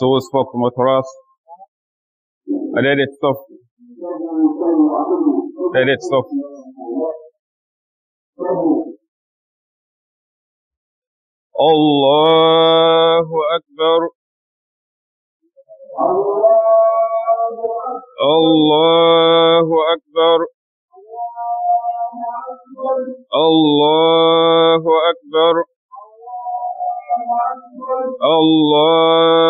So we spoke source for promoters, let it stop. Let it stop. الله أكبر الله أكبر الله أكبر الله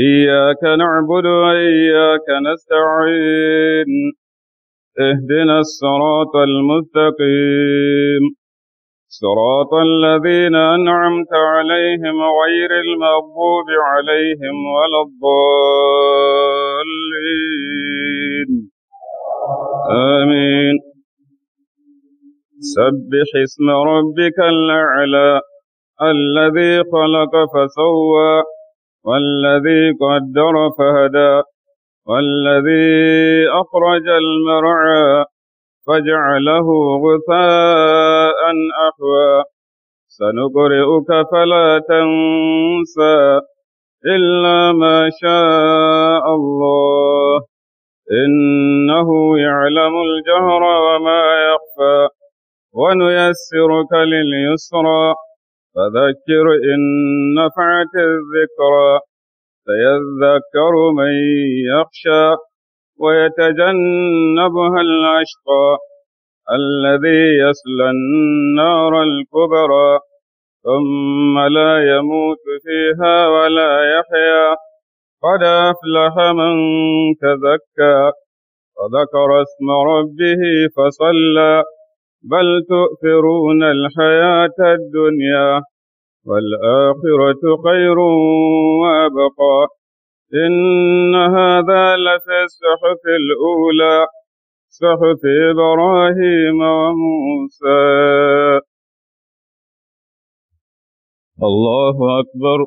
إياك نعبد وإياك نستعين اهدنا الصراط المستقيم صراط الذين أنعمت عليهم غير المغضوب عليهم ولا الضالين آمين سبح اسم ربك الأعلى الذي خلق فسوى والذي قدر فهدى والذي أخرج المرعى فجعله غثاء أحوى سنقرئك فلا تنسى إلا ما شاء الله إنه يعلم الجهر وما يخفى ونيسرك لليسرى فذكر إن نفعت الذكرى سيذكر من يخشى ويتجنبها الأشقى الذي يصلى النار الكبرى ثم لا يموت فيها ولا يحيا قد أفلح من تزكى وذكر اسم ربه فصلى بل تؤثرون الحياة الدنيا والآخرة خير وأبقى إن هذا لفي الصحف الأولى صحف إبراهيم وموسى الله أكبر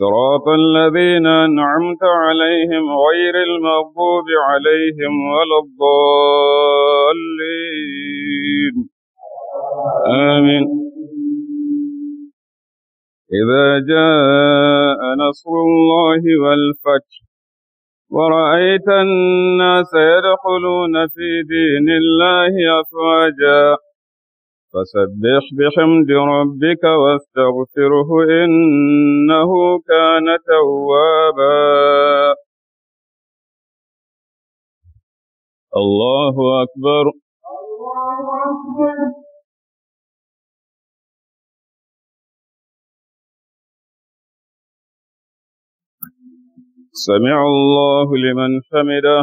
صراط الذين أنعمت عليهم غير المغضوب عليهم ولا الضالين آمين إذا جاء نصر الله والفتح ورأيت الناس يدخلون في دين الله أفواجاً فسبح بحمد ربك واستغفره إنه كان توابا الله أكبر الله أكبر سمع الله لمن حمده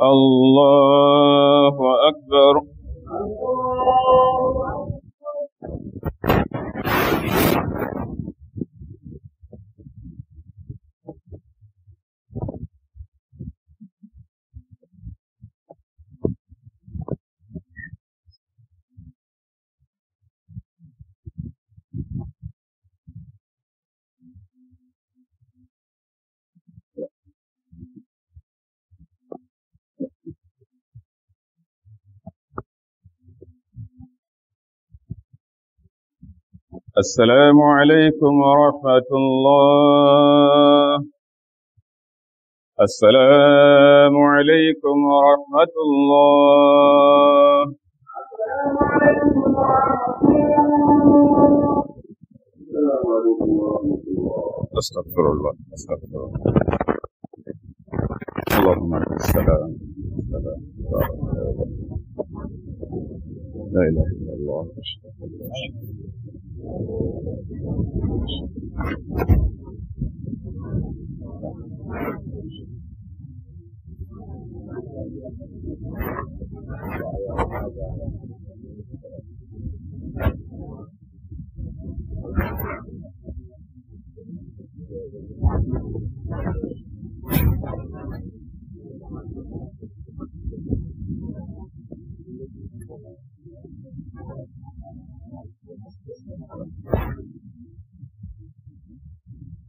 الله أكبر السلام عليكم ورحمة الله السلام عليكم ورحمة الله استغفر الله استغفر الله اللهم لك السلام السلام لا اله الا الله اشهد ان لا اله الا الله Thank you.